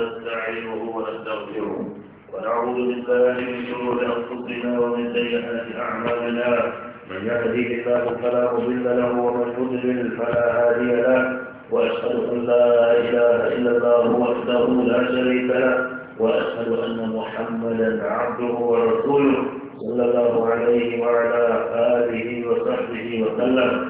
ونستعينه ونستغفره ونعوذ بالله من شرور انفسنا ومن سيئات اعمالنا من يهديه الله فلا مضل له ومن يضلل فلا هادي له واشهد ان لا اله الا الله وحده لا شريك له واشهد ان محمدا عبده ورسوله صلى الله عليه وعلى اله وصحبه وسلم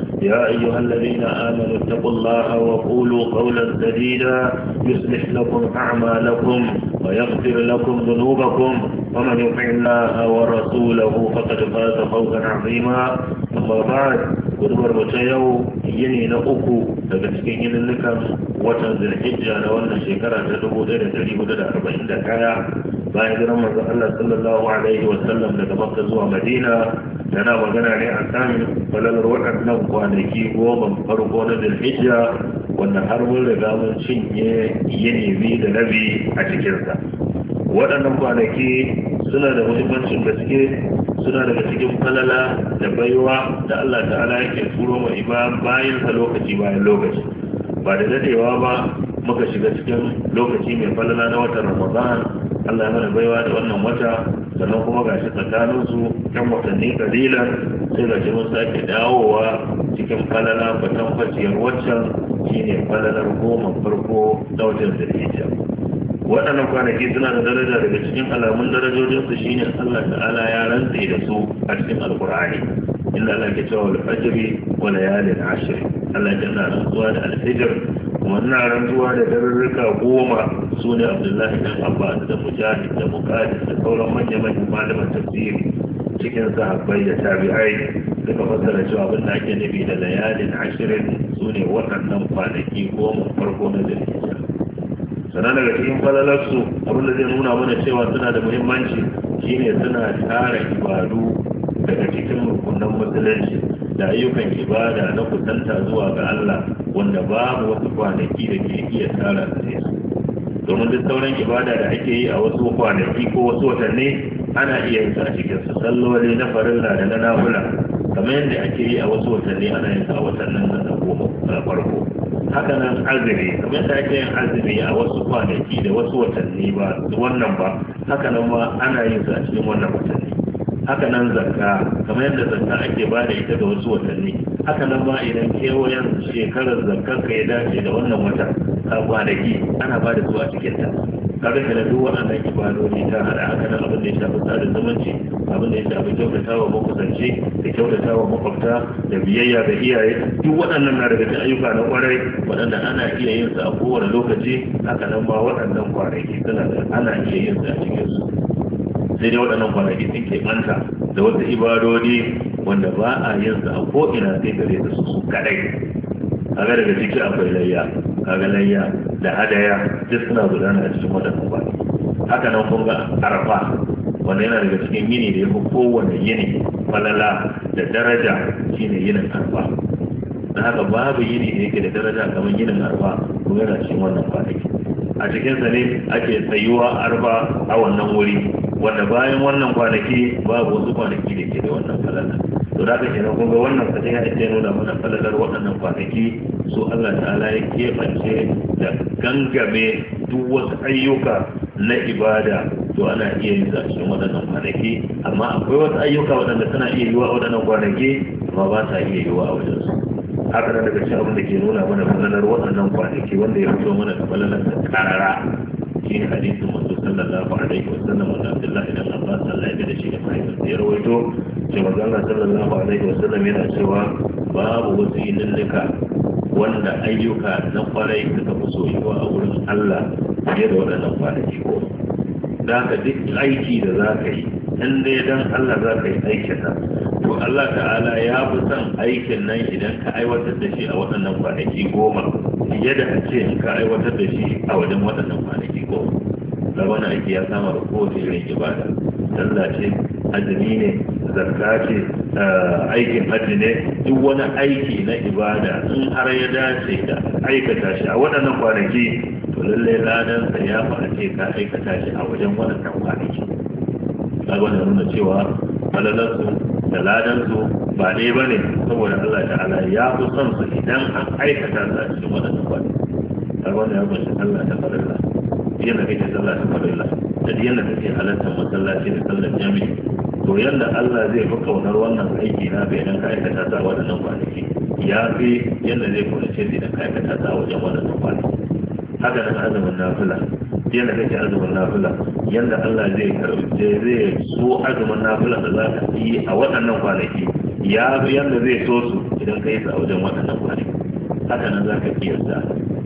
يا أيها الذين آمنوا اتقوا الله وقولوا قولا سديدا يصلح لكم أعمالكم ويغفر لكم ذنوبكم ومن يطع الله ورسوله فقد فاز فوزا عظيما أما بعد gurbar wata yau yini na uku daga cikin nukan watan zulhijja na wannan shekara ta dubu ɗaya da ɗari hudu da arba'in da kaya bayan jiran manzon Allah sallallahu alaihi wa sallam daga Makka zuwa Madina yana magana ne a kan falalar waɗannan kwanaki goma farko na zulhijja wanda har mun riga mun cinye yini biyu da nabi a cikinsa waɗannan kwanaki suna da muhimmancin gaske suna daga cikin falala da baiwa da Allah ta'ala yake turo ma iba bayan sa lokaci bayan lokaci ba da dadewa ba muka shiga cikin lokaci mai falala na watan Ramadan Allah ya mana baiwa da wannan wata sannan kuma gashi tsakanin su kan watanni kalilan sai gashi mun sake dawowa cikin falala fatan faciyar waccan shine falalar goma farko da watan Zulhijja waɗannan kwanaki suna da daraja daga cikin alamun darajojinsu shine Allah ta'ala ya rantse da su a cikin alkur'ani inda Allah ke cewa alfajiri wa layalin ashir Allah ya na rantsuwa da alfijir wannan rantsuwa da darurruka goma su ne abdullahi dan abbas da mujahid da muqaddis da sauran manya-manyan malaman tafsiri cikin sahabbai da tabi'ai suka fassara cewa abin da ake nufi da layalin ashirin su ne waɗannan kwanaki goma farko na jirgin sannan daga cikin falalarsu abin da zai nuna mana cewa suna da muhimmanci shine suna tara ibadu daga cikin rukunan musulunci da ayyukan ibada na kusanta zuwa ga Allah wanda babu wasu kwanaki da ke iya tara su ne domin duk sauran ibada da ake yi a wasu kwanaki ko wasu watanni ana iya yin sa cikin su salloli na farilla da na nafila kamar yadda ake yi a wasu watanni ana yin a watannin da na goma farko haka nan azumi kamar da ake yin azumi a wasu kwanaki da wasu watanni ba wannan ba haka nan ma ana yin su a cikin wannan watanni haka nan zakka kamar yadda zakka ake ba da ita da wasu watanni haka nan ma idan kewayen shekarar zakka ka ya dace da wannan wata kwanaki ana ba da su a cikin ta kaga kana duk waɗannan ibaloli ta hada haka nan abin da ya shafi tsarin zumunci abin da ya shafi kyautata wa makusance da kyautata wa makwabta da biyayya ga iyaye duk waɗannan na daga cikin ayyuka na kwarai waɗanda ana iya yin su a kowane lokaci haka nan ba waɗannan kwanaki suna da ana iya yin su a cikin su sai dai waɗannan kwanaki sun ke manta da wasu ibadodi wanda ba a yin su a ko'ina sai gare su su kadai kaga daga ciki akwai layya kaga layya da hadaya duk suna gudana a cikin wannan kwanaki haka nan kun ga arafa wanda yana daga cikin yini da ya fi kowane yini falala da daraja shine yinin arfa na haka babu yini da yake da daraja kamar yinin arfa ko yana cikin wannan kwanaki a cikinsa ne ake tsayuwa arfa a wannan wuri wanda bayan wannan kwanaki babu wasu kwanaki da ke da wannan falala to da kake nan kuma wannan kadai ya ce nuna mana falalar waɗannan kwanaki su Allah ta'ala ya kebance da gangame duk wasu ayyuka na ibada to ana iya yin a waɗannan kwanaki amma akwai wasu ayyuka waɗanda suna iya yiwa waɗannan kwanaki amma ba sa iya yiwa a wajen su haka nan daga cikin abin da ke nuna mana falalar waɗannan kwanaki wanda ya fito mana da falalar da karara shi ne hadisin wasu sallallahu alaihi wa sallam wanda abdullahi idan abba sallallahu alaihi da shi da mahaifinsa ya rawaito cewa Allah sallallahu alaihi wa sallam yana cewa babu wasu ilillika wanda ayyuka na kwarai suka fi soyuwa a wurin Allah fiye da waɗannan kwanaki ko da ka duk aiki da za ka yi in dai don Allah za ka yi aikin nan to Allah ta'ala ya fi son aikin nan idan ka aiwatar da shi a waɗannan kwanaki goma fiye da a ce in ka aiwatar da shi a wajen waɗannan kwanaki goma da wani aiki ya samar kowace irin ibada sallah ce azumi ne zakka ce eh, aikin hajji ne duk wani aiki na ibada in har ya dace da aikata shi a waɗannan kwanaki to lallai ladan sa ya fara ka aikata shi a wajen waɗannan kwanaki kaga wannan nuna cewa falalarsu da ladansu ba ne ba ne saboda Allah ta'ala ya fi son su idan an aikata su a cikin waɗannan kwanaki kaga wannan ya kunshi Allah ta farilla yana kake sallah ta farilla da yadda kake halartar masallaci da sallar jami'i to yadda Allah zai fi kaunar wannan aiki na bai nan ka'aikata ta wajen nan kwanaki ya fi yadda zai kaunace zai nan ka'aikata ta wajen nan kwanaki haka nan azumin nafila yadda kake azumin nafila yadda Allah zai karɓe zai so azumin nafila da za ka yi a waɗannan kwanaki ya fi yadda zai so su idan ka yi su a wajen waɗannan kwanaki haka nan za ka kiyasta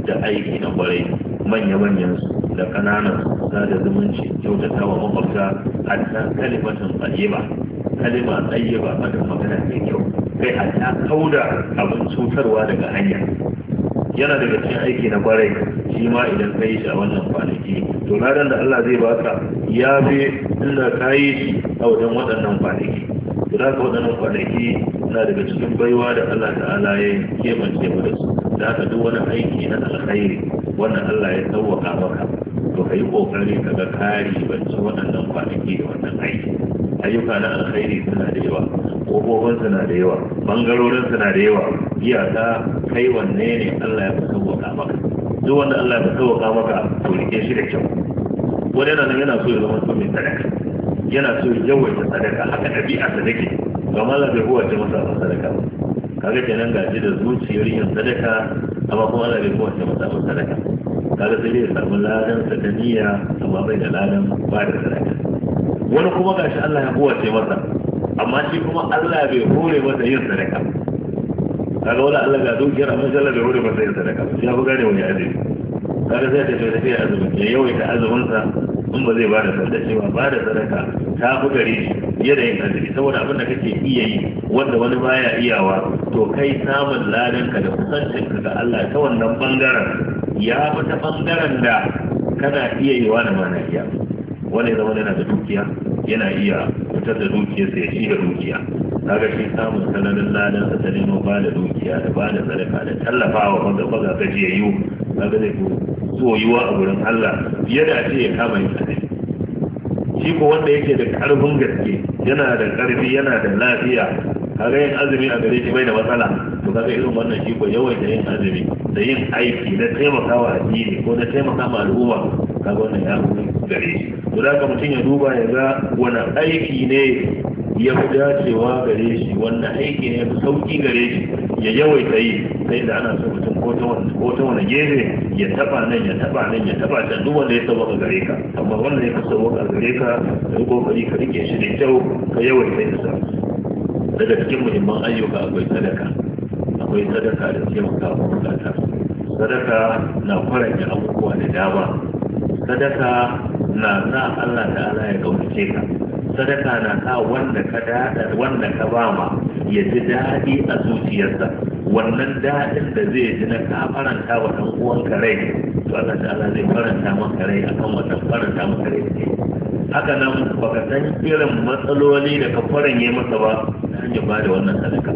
da aiki na kwarai manya-manyan da ƙananan sada zumunci kyautata wa makwabta hatta kalimatun tsayiba kalima tsayiba fadin magana mai kyau kai hatta kauda abin cutarwa daga hanya yana daga cikin aiki na kwarai shi ma idan ka yi shi a wannan kwanaki to na da Allah zai baka ya fi inda ka yi shi a wajen waɗannan kwanaki to da ka waɗannan kwanaki na daga cikin baiwa da Allah ta'ala ya kemance mu da su da haka duk wani aiki na alkhairi wannan Allah ya tsawwaka maka ka yi ƙoƙari ka ga kari bacci waɗannan kwanaki da wannan aiki ayyuka na alkhairi suna da yawa ƙofofin suna da yawa bangarorin suna da yawa ta kai wanne ne Allah ya fi sauƙaƙa maka duk wanda Allah ya fi sauƙaƙa maka to rike shi da kyau wani yana nan yana so ya zama mai sadaka yana so ya yawaita sadaka haka ɗabi'a ta sadaki. ga mallam bai kowace masa sadaka ba. kaga kenan gaji da zuciyar yin sadaka amma kuma Allah bai kowace masa sadaka kaga sai ya samu ladan sa da niyya amma bai da ladan ba da sadaka wani kuma gashi Allah ya kowace masa amma shi kuma Allah bai hore masa yin sadaka kaga wani Allah ga dukiyar amma shi Allah bai hore masa yin sadaka ya fi gane wani azumi kaga sai ta tafi ya azumi ya yawaita azumin sa in ba zai bada sadaka cewa ba da sadaka ta fi gare shi fiye da yin azumi saboda abin da kake iya yi wanda wani baya iyawa to kai samun ladan ka da kusancin ka ga Allah ta wannan bangaren ya bi ɓangaren bangaren da kana iya yi wani mana iya wani zama yana da dukiya yana iya fitar da dukiya sai shi da dukiya kaga shi samun sanarin ladan sa ta nemo ba da dukiya da ba da sadaka da tallafawa wanda ba ga gaji ya yi kaga zai soyuwa a gurin Allah fiye da ce ya kama yin sadaka shi ko wanda yake da karfin gaske yana da karfi yana da lafiya kaga yin azumi a gare shi bai da matsala to kaga irin wannan shi ko yawan yin azumi da yin aiki na taimakawa addini ko na taimakawa al'umma kaga wannan ya fi gare shi to da ka mutum ya duba ya ga wani aiki ne ya fi dacewa gare shi wani aiki ne fi sauki gare shi ya yawaita yi sai da ana so mutum ko ta wani gefe ya taba nan ya taba nan ya taba ta duk wanda ya sauwaka gare ka amma wanda ya fi sauwaka gare ka da kokari ka rike shi da kyau ka yawaita yi sa daga cikin muhimman ayyuka akwai sadaka akwai sadaka da taimaka wa bukata sadaka na faranta abubuwa da dama sadaka na sa Allah ta'ala ya kaunace ka sadaka na sa wanda ka dada wanda ka ba ma ya ji dadi a zuciyarsa wannan dadin da zai ji na ka faranta wa ɗan ka rai to Allah ta'ala zai faranta maka rai akan wannan faranta maka rai haka nan baka san irin matsaloli da ka faranye masa ba mutum ya bada wannan sadaka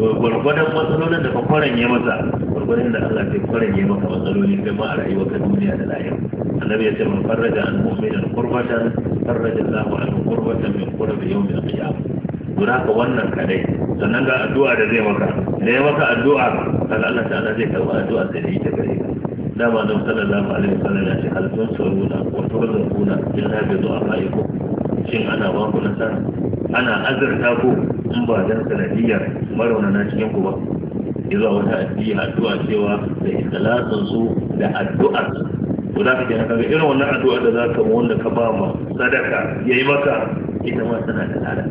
to gwargwadon matsalolin da ka kwaranye masa gwargwadon da Allah zai kwaranye maka matsaloli kai ma a ka duniya da lahira annabi ya ce man farraja an mu'minin qurbatan farraja Allahu an qurbatan min qurbi al qiyamah guda ka wannan kadai sannan ga addu'a da zai maka da ya maka addu'a kaga Allah ta'ala zai karba addu'a da ita gare ka dama da sallallahu alaihi wasallam ya ce hal tun suruna wa turzuquna illa bi du'a fa'ikum shin ana ba ku nasara ana azurta ku in ba dan sanadiyar maraunana cikin ku ba ya zuwa wata addini addu'a cewa da ikhlasin su da addu'a. to za ka kenan kaga irin wannan addu'a da za ka wanda ka ba ma sadaka yayi maka ita ma tana da lada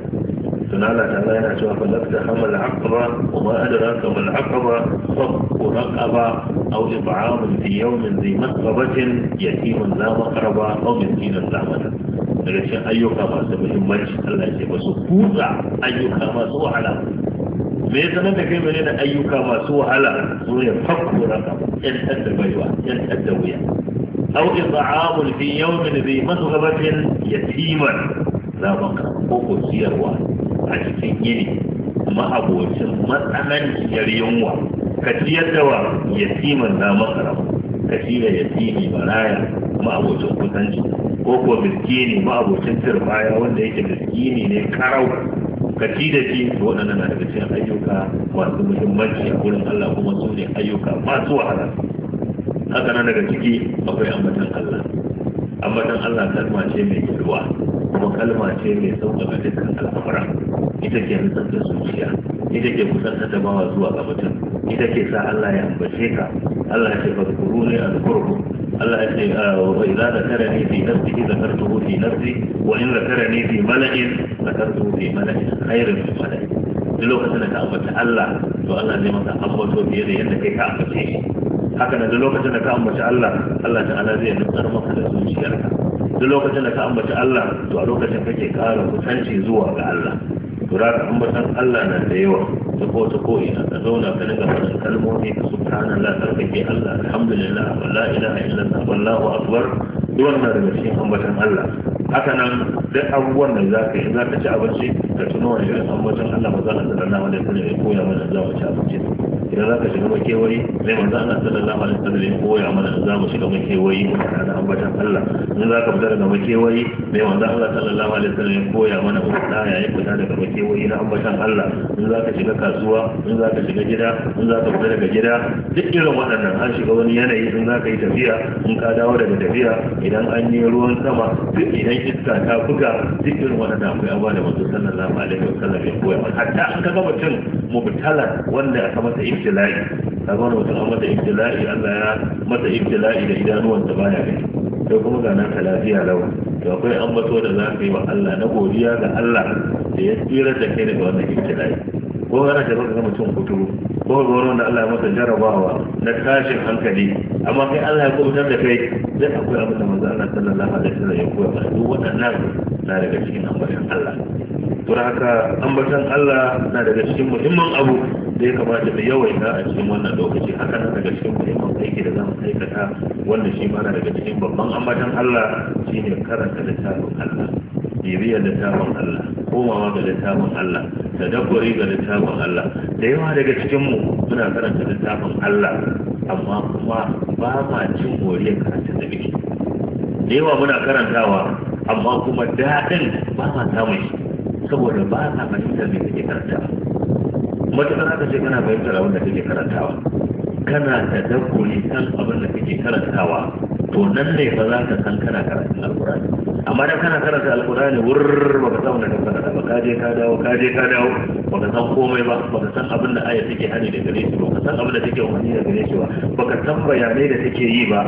tun Allah ta zai yana cewa falakta hamal aqaba wa ma adraka mal aqaba fakku raqaba aw ib'amun fi yawmin zi masqabatin yatiman za maqraba aw miskinan za mata daga ayyuka masu muhimmanci Allah ya ce masu kuka ayyuka masu wahala me ya sanar da kai mene da ayyuka masu wahala su ne fakku raka yan tadda baiwa yan tadda wuya aw iz'amul fi yawmin bi masghabatin yatiman za mu ko ko ciyarwa a cikin gini ma'abocin matsananciyar yunwa ka ciyar da wa yatiman na makaram ka ciyar yatimi baraya ma'abocin kusanci ko ko miskini ma'abocin turbaya wanda yake miskini ne karau ka ci da ci waɗannan na daga cikin ayyuka masu muhimmanci a gurin Allah kuma su ne ayyuka masu wahala haka nan daga ciki akwai ambatan Allah ambatan Allah kalma ce mai yalwa kuma kalma ce mai sauƙaƙa dukkan al'amura ita ke nutsar da zuciya ita ke kusan da tabawa zuwa ga mutum ita ke sa Allah ya ambace ka Allah ya ce ba ne a zukurku Allah ya ce ah, wa idza zakarani fi nafsihi zakartuhu fi nafsi wa in zakarani fi mala'in duk lokacin da ka ambaci Allah to Allah zai maka ambato fiye da yadda kai ka ambace shi duk lokacin da ka ambaci Allah Allah ta'ala zai nutsar maka da duk lokacin da ka ambaci Allah to a lokacin kake ƙara kusanci zuwa ga Allah to da Allah na da yawa ta ko ta ko ka zauna ka dinga faɗin kalmomi su subhanallah sarkake Allah alhamdulillah la ilaha illallah wallahu akbar duk wannan daga cikin ambatan Allah haka nan duk abubuwan da zaka yi zaka ci abinci ka tuno wani irin ambatan Allah ba za maza Allah sallallahu alaihi wasallam ya koya mana za mu ci abinci idan zaka shiga mai makewayi zai ka Allah sallallahu alaihi wasallam ya koya mana za mu shiga makewayi mu da ambatan Allah ne za ka fita daga makewayi mai wanda Allah sallallahu alaihi wasallam ya koya mana ya yi fita daga makewayi na ambatan Allah in za ka shiga kasuwa in za ka shiga gida in za ka fita daga gida duk irin waɗannan an shiga wani yanayi in za ka yi tafiya in ka dawo daga tafiya idan an yi ruwan sama duk idan iska ta buga duk irin waɗannan akwai abuwa da manzo sallallahu alaihi wasallam ya koya mana hatta an kaga mutum mubtala wanda aka masa ibtila'i kaga wani mutum an masa ibtila'i Allah ya masa ibtila'i da idanuwansa baya gani da kuma ga naka lafiya lau to akwai ambato da za ka yi wa Allah na godiya ga Allah da ya tsira da kai daga wannan ibtila'i ko ana tafi baka mutum kuturu ko ga da Allah ya masa jarabawa na tashin hankali amma kai Allah ya kuma da kai zai akwai abin da manzo Allah sallallahu alaihi wasallam ya koya duk wannan na daga cikin ambatan Allah to haka ambatan Allah na daga cikin muhimman abu da ya kamata mu yawaita a cikin wannan lokaci haka na daga cikin muhimman aiki da zamu aikata wanda shi ma na daga cikin babban ambatan Allah shine karanta littafin Allah bibiyar littafin Allah komawa ga littafin Allah da dabbori ga littafin Allah da yawa daga cikinmu muna karanta littafin Allah amma kuma ba ma cin moriyar karanta da muke da yawa muna karantawa amma kuma daɗin ba ma samun shi saboda ba na fahimtar me kake karantawa matuƙar aka ce kana fahimtar abin da kake karantawa kana da dakkoli kan abin da kake karantawa to nan ne ba za ka san kana karatun alkurani amma dan kana karanta alkurani wurr baka san wanda ka karanta ba ka je ka dawo ka je ka dawo ba ka san komai ba ka san abin da aya take hani da gare shi ba ka san abin da take wani da gare shi ba ka san bayanai da take yi ba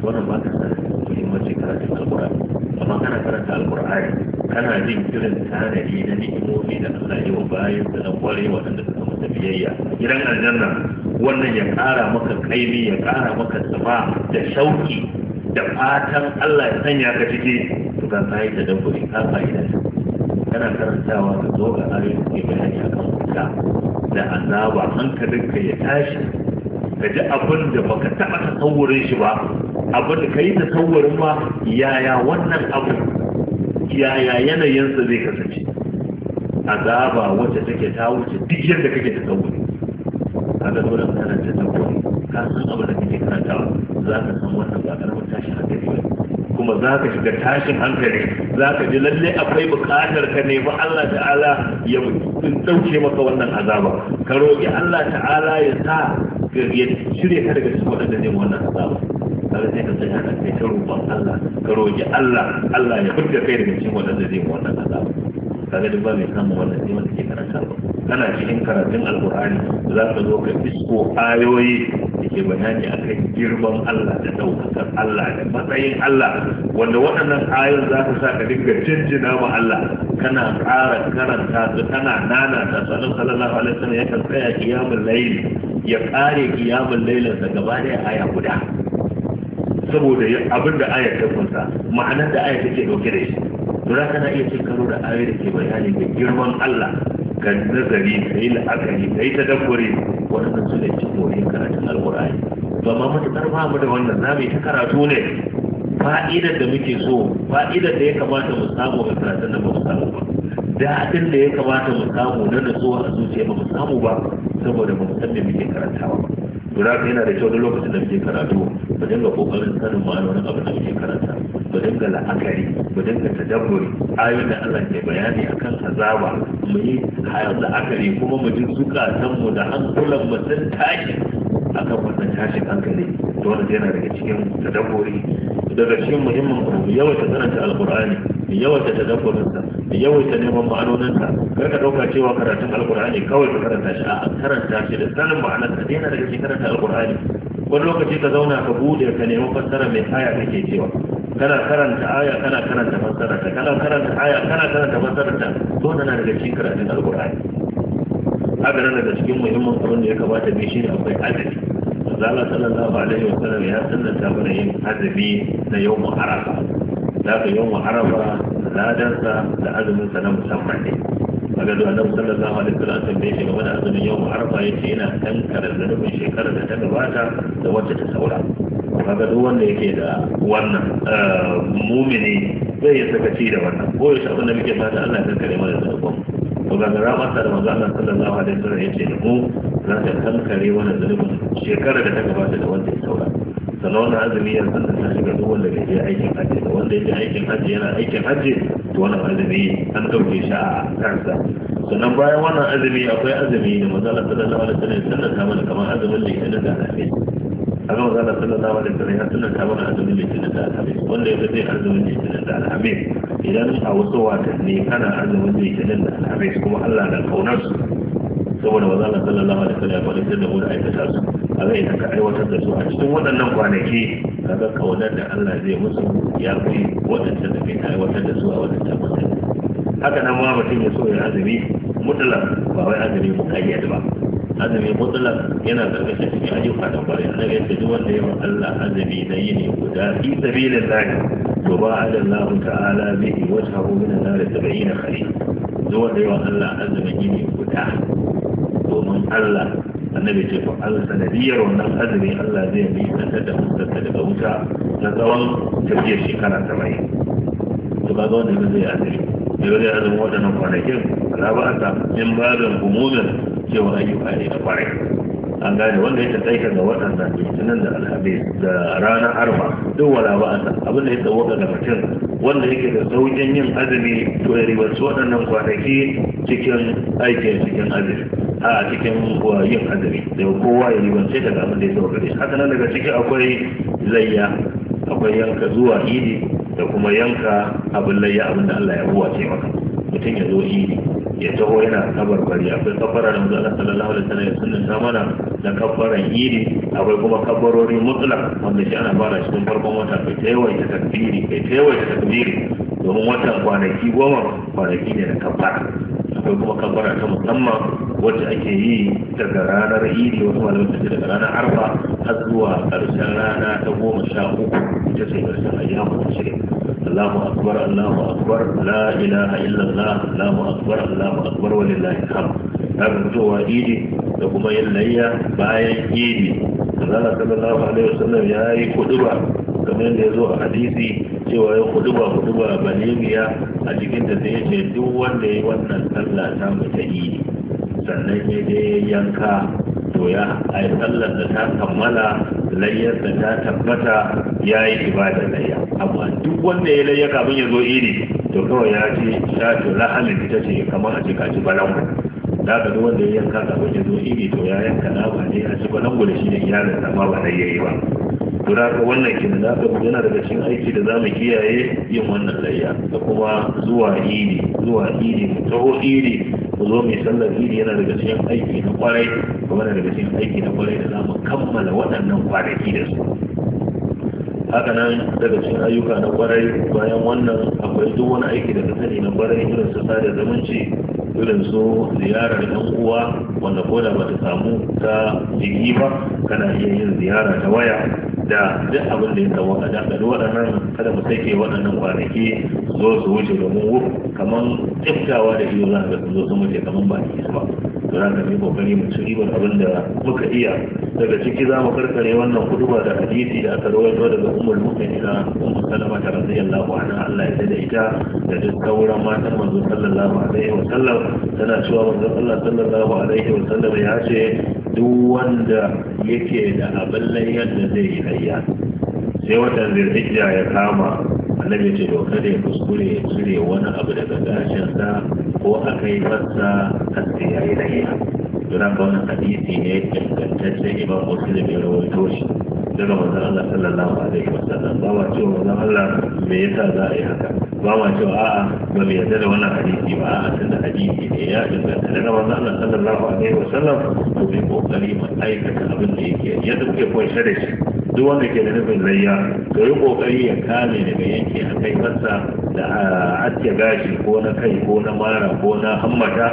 wannan ba ka san muhimmancin karatun alkurani amma kana karanta alkurani kana jin kirin tanadi na ni'imomi da Allah yi wa bayan da na kware waɗanda suka masa biyayya gidan aljanna wannan ya ƙara maka kaimi ya ƙara maka tsaba da shauki da fatan Allah ya sanya ka ciki to ka kai da dabbobi, ka fa'ida kana karantawa ka zo ga ayoyin da bayani akan wuta da azaba hankalinka ya tashi ka ji abin da baka taɓa tasawurin shi ba abin da ka yi tasawurin ma yaya wannan abu yaya yanayinsa zai kasance azaba wacce take ta wuce duk yadda kake ta tsawuri kaga dole ka karanta ta tsawuri ka san abin da kake karanta za ka san wannan ba karamin tashin hankali ba kuma za ka shiga tashin hankali za ka ji lalle akwai buƙatar ka ne ba Allah ta'ala ya dauke maka wannan azaba ka roƙi Allah ta'ala ya sa ya shirya ka daga cikin waɗanda ne wannan azaba Allah da ka tsaya nan sai roƙon Allah ka roƙi Allah Allah ya fitta kai daga cikin wanda zai mu wannan azaba kaga duk ba mai samu wannan sai wanda ke karanta ba kana cikin karatun alqur'ani za ka zo ka isko ayoyi da ke bayani akan girman Allah da daukakar Allah da matsayin Allah wanda waɗannan ayoyin za ka sa ka dinga jinjina ma Allah kana ƙara karanta su kana nana ta sanin sallallahu alaihi wasallam ya kan tsaya kiyamul layl ya ƙare kiyamul lailin sa gaba da aya guda saboda abin da ayar ta kunsa ma'anar da ayar take dauke da shi ka kana iya cin karo da ayar da ke bayani da girman Allah ga nazari ka yi la'akari ka yi tadabbure waɗannan su ne cin moriyar karatun alƙur'ani to amma matuƙar ba mu da wannan za mu ta karatu ne fa'idar da muke so fa'idar da ya kamata mu samu ga karatun da ba mu samu ba daɗin da ya kamata mu samu na nutsuwa a zuciya ba mu samu ba saboda ba mu san me muke karantawa ba guda yana da kyau da lokacin da muke karatu Ba dinga kokarin sanin ma'anonin abu da muke karanta Ba dinga la'akari Ba dinga tadabbur ayoyin da Allah ke bayani akan azaba mu yi la'akari kuma mu ji san mu da hankulan mu sun tashi akan wannan tashin hankali to wannan yana daga cikin tadabburi daga cikin muhimmin abu ta karanta alqur'ani ta tadabburin sa da yawaita neman ma'anoninsa kar ka dauka cewa karatun alkur'ani kawai ka karanta shi a karanta shi da sanin ma'anar ka daina daga cikin karanta alkur'ani wani lokaci ka zauna ka bude ka nemi fassara mai aya kake cewa kana karanta aya kana karanta fassara ta kana karanta aya kana karanta fassara ta to na daga cikin karatun alkur'ani haka nan daga cikin muhimmin abin da ya kamata bi shi ne akwai adadi Allah sallallahu alaihi wa sallam ya sallanta mana yin adabi na yau mu'arafa da ka yawan arafa ladansa da azuminsa na musamman ne kaga da annabi sallallahu alaihi wasallam tambaye shi game da azumin yawan arafa ce yana kankara zanubin shekarar da ta gabata da wacce ta saura kaga duk wanda yake da wannan eh, mumini zai yi sakaci da wannan ko yaushe abin da muke fata Allah ya kankare mana zanubin to ga ga ramarsa da manzo Allah sallallahu alaihi wasallam yace da mu za ta kankare wannan zanubin shekarar da ta gabata da wacce ta saura sannan wannan azumi yanzu da ta shiga duk wanda bai je aikin hajji da wanda ya aikin hajji yana aikin hajji to wannan azumi an dauke shi a kansa sannan bayan wannan azumi akwai azumi da manzala sallallahu alaihi wasallam sannan sallata mana kamar azumin da litinin da alhamis haka manzala sallallahu alaihi wasallam sannan sallata mana azumin da litinin da alhamis wanda ya zai azumin da litinin da alhamis idan a wasu watanni kana azumin da litinin da alhamis kuma Allah na kaunar su saboda manzala sallallahu alaihi wasallam ya faɗi da mu da aikata su kaga idan ka aiwatar da su a cikin waɗannan kwanaki ga kaunar da Allah zai musu ya fi waɗanda da kai aiwatar da su a waɗannan kwanaki haka nan ma mutum ya so ya azumi mutlak ba wai azumi muqayyad ba azumi mutlak yana karkashin cikin ayyuka da bare annabi ya ce duk wanda ya Allah azumi na yini guda fi sabilillah to ba Allah ta'ala bihi wajhahu min an-nar 70 khalid duk wanda ya Allah azumi yini guda domin Allah annabi ce fa al sanadiyar wannan azumi Allah zai yi tsaka da mutsaka daga wuta na tsawon tafiyar shekara mai to ga wanda ba zai azumi ne zai azumi waɗannan kwanakin alaba ta in babin umumin cewa ayyuka ne na kwarai an gane wanda ya taika ga waɗannan litinin da alhamis da ranar arba duk wala ba asa abin da ya tsawaka ga mutum wanda yake da saukin yin azumi to ya ribarci waɗannan kwanaki cikin aikin cikin azumi a cikin yin azumi da kowa ya ribance daga abin da ya sauka gare haka nan daga ciki akwai layya akwai yanka zuwa idi da kuma yanka abin layya abin da Allah ya buwa ce maka mutum ya zo idi ya taho yana kabar bari akwai kabbara da Allah sallallahu alaihi wasallam ya sunnanta zamana da kabbaran idi akwai kuma kabarori mutlak wanda shi ana fara cikin farkon wata kai ta yawaita takbiri kai ta takbiri domin watan kwanaki goma kwanaki ne na kafara akwai kuma kabbara ta musamman wacce ake yi daga ranar idi wasu malamai su ce daga ranar arba har zuwa ƙarshen rana ta goma sha uku ita ce ƙarshen ayyamu ta shirin Allahu akbar Allahu akbar la ilaha illallah Allahu akbar Allahu akbar walillahi alhamd kaga fitowa idi da kuma yin layya bayan idi Allah sallallahu alaihi wasallam ya yi kuɗuba kamar da ya zo a hadisi cewa ya kudu ba kudu ba balimiya a cikin da zai ce duk wanda ya wannan sallah ta mata yi sannan ya je yanka to ya yi sallar da ta kammala layyar da ta tabbata ya yi ibada layya amma duk wanda ya layya kafin ya zo iri to kawai ya ce shafi lahalin ita ce kamar a cika ci balangu da ka duk wanda ya yanka kafin ya zo iri to ya yanka na ba ne a ci balangu da shi ne iyalin sama ba layyayi ba guda ga wannan ke da aka yana daga cikin aiki da zamu kiyaye yin wannan layya da kuma zuwa iri zuwa iri taho iri ku zo mai sallar iri yana daga cikin aiki na kwarai kuma yana daga cikin aiki na kwarai da zamu kammala waɗannan kwanaki da su haka nan daga cikin ayyuka na kwarai bayan wannan akwai duk wani aiki da ka sani na kwarai irin su sada zumunci irin su ziyarar yan uwa wanda ko da bata samu ta jiki ba kana iya yin ziyara ta waya da duk abin da ya samu a dakali waɗannan kada mu sake waɗannan kwanaki zo su wuce domin wuf kamar tsiftawa da iyo za su sun zo sun wuce kamar ba ni ba to za ka yi kokari mu ci ribar abin da muka iya daga ciki za mu karkare wannan kuduba da hadisi da aka rawaito daga ummul mu'minina ummu salama ta radiyallahu anha Allah ya da ita da duk sauran matan manzo sallallahu alaihi wa sallam tana cewa manzo Allah sallallahu alaihi wa sallam ya ce duk wanda yake da abin layyar da zai yi layya sai watan zirhijja ya kama annabi ce to kada ya kuskure ya cire wani abu daga gashinsa ko a kai masa kan sai ya yi layya don wannan hadisi ne ingantacce imam muslim ya rawaito shi daga manzon Allah sallallahu alaihi wasallam ba ma cewa manzon Allah me yasa za a yi haka ba ma cewa a'a ba mu yarda da wannan hadisi ba a'a tunda hadisi ne ya inganta daga manzon Allah sallallahu alaihi wasallam to mu kokari mu aikata abin da yake yadda kuke koyar da shi duk wanda ke da nufin layya to yi kokari ya kame daga yanke a kai masa da a gashi ko na kai ko na mara ko na hammata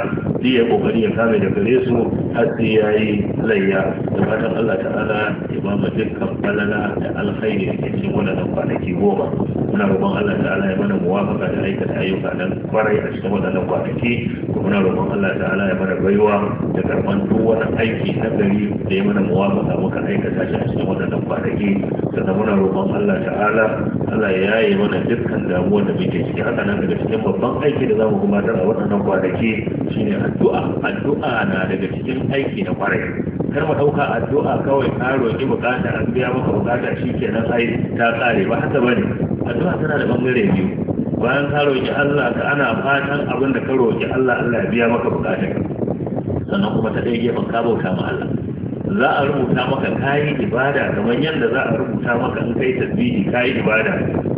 duk ya kokari ya kame da gare su har sai yayi layya fatan Allah ta'ala ya ba mu dukkan falala da alkhairi da ke cikin wadannan kwanaki goma muna roƙon Allah ta'ala ya mana muwafaka da aikata ayyuka nan kwarai a cikin wadannan kwanaki kuma muna roƙon Allah ta'ala ya mana baiwa da karɓan duk wani aiki na gari da ya mana muwafaka muka aikata shi a cikin wannan kwanaki sannan muna roƙon Allah ta'ala Allah ya yaye mana dukkan damuwa da muke ciki haka nan daga cikin babban aiki da za mu gabatar a wannan kwanaki shine addu'a addu'a na daga cikin aiki na kwarai kar mu ɗauka addu'a kawai ka roƙi bukata an biya maka bukata shi kenan ai ta kare ba haka bane addu'a tana da bangare biyu bayan ka roƙi Allah ka ana fatan abin da ka roƙi Allah Allah ya biya maka bukata sannan kuma ta ɗaya gefen ka bauta ma Allah za a rubuta maka kayi ibada kamar yadda za a rubuta maka in kai tasbihi kayi ibada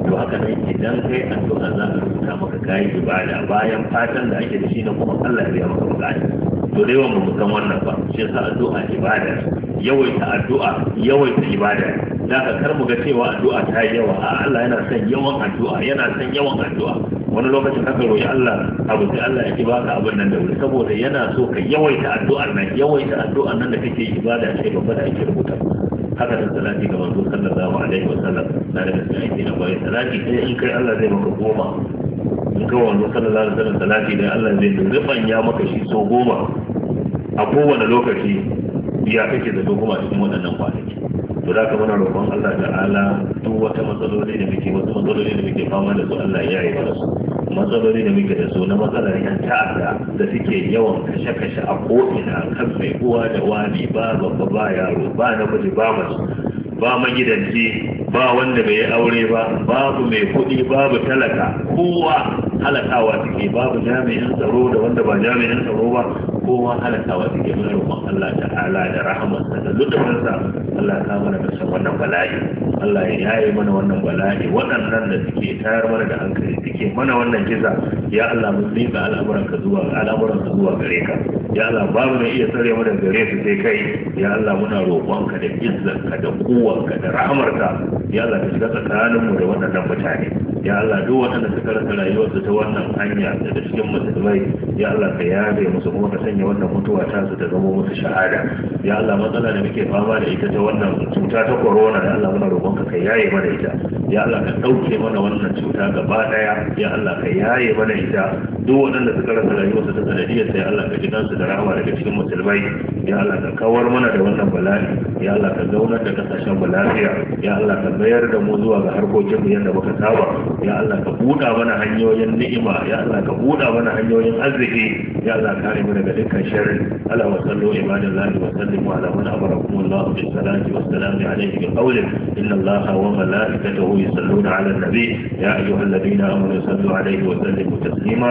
to haka nan idan kai addu'a za a rubuta maka kayi ibada bayan fatan da ake da shi na kuma Allah ya biya maka bukata to da mu san wannan ba shi yasa addu'a ibada yawaita addu'a yawaita ibada da ka kar mu ga cewa addu'a ta yi yawa a Allah yana son yawan addu'a yana son yawan addu'a wani lokacin haka roƙi Allah abu sai Allah ya ki baka abin nan da wuri saboda yana so ka yawaita addu'a nan yawaita addu'a nan da kake ibada sai babba da ake rubuta haka da salati ga manzo sallallahu alaihi sallam na daga sai aiki na bai salati sai in kai Allah zai maka goma in kai wanzu sallallahu alaihi sallam salati da Allah zai rubanya maka shi so goma a kowane lokaci ya kake da kuma a cikin waɗannan kwanaki to da ka roƙon Allah ta'ala duk wata matsaloli da muke wasu matsaloli da muke fama da su Allah ya yi su matsaloli da muke da su na matsalar yan ta'adda da suke yawan kashe-kashe a ko'ina kan mai uwa da wani ba babba ba yaro ba namiji ba mace ba magidanci ba wanda bai yi aure ba babu mai kuɗi babu talaka kowa halakawa suke babu jami'in tsaro da wanda ba jami'in tsaro ba kowa halakawa suke muna roƙon Allah ta'ala da rahamarsa da lutufinsa Allah ya mana da san wannan bala'i Allah ya yaye mana wannan bala'i waɗannan da suke tayar mana da hankali suke mana wannan kiza ya Allah mun miƙa al'amuranka zuwa al'amuranka zuwa gare ka ya Allah babu mai iya tsare mana gare su sai kai ya Allah muna roƙonka da izzarka da kowanka da rahamarka ya Allah ka shiga tsakaninmu da waɗannan mutane ya Allah duk waɗanda suka rasa rayuwarsu ta wannan hanya da cikin musulmai ya Allah ka yabe musu kuma ka sanya wannan mutuwa ta su ta zama musu shahada ya Allah matsala da muke fama da ita ta wannan cuta ta corona ya Allah muna roƙonka ka yaye mana ita ya Allah ka ɗauke mana wannan cuta gaba ɗaya ya Allah ka yaye mana ita duk waɗanda suka rasa rayuwarsu ta sanadiyar sai Allah ka ji kansu da rahama daga cikin musulmai ya Allah ka kawar mana da wannan bala'i ya Allah ka zaunar da kasashen mu lafiya ya Allah ka mayar da mu zuwa ga harkokin mu yadda muka saba ya Allah ka buɗa mana hanyoyin ni'ima ya Allah ka buɗa mana hanyoyin arziki ya Allah kare mu daga dukkan sharri ala wa sallu ibadallahi wa sallimu ala man amarakum Allah bis salati was salam alayhi bi qawli inna Allah wa malaikatahu yusalluna ala an-nabi ya ayyuhalladhina amanu sallu alayhi wa sallimu taslima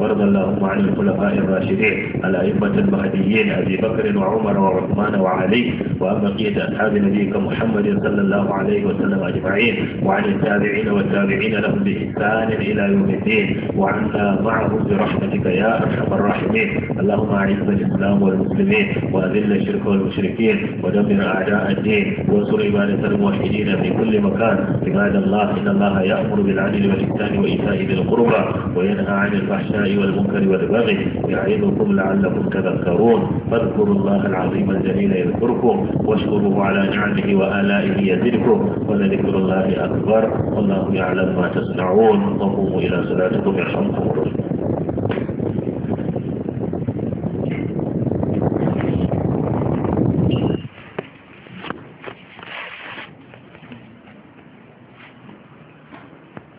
وارض اللهم عن الخلفاء الراشدين الأئمة المهديين أبي بكر وعمر وعثمان وعلي وأما بقية أصحاب نبيك محمد صلى الله عليه وسلم أجمعين وعن التابعين والتابعين لهم بإحسان إلى يوم الدين وعنا معهم برحمتك يا أرحم الراحمين اللهم أعز الإسلام والمسلمين وأذل الشرك والمشركين ودمر أعداء الدين وانصر عبادة الموحدين في كل مكان عباد الله إن الله يأمر بالعدل والإحسان وإيتاء ذي القربى وينهى عن الفحشاء والفحشاء والمنكر والبغي يعظكم لعلكم تذكرون فاذكروا الله العظيم الجليل يذكركم واشكروه على نعمه وآلائه يزدكم ولذكر الله أكبر والله يعلم ما تصنعون وقوموا إلى صلاتكم يرحمكم الله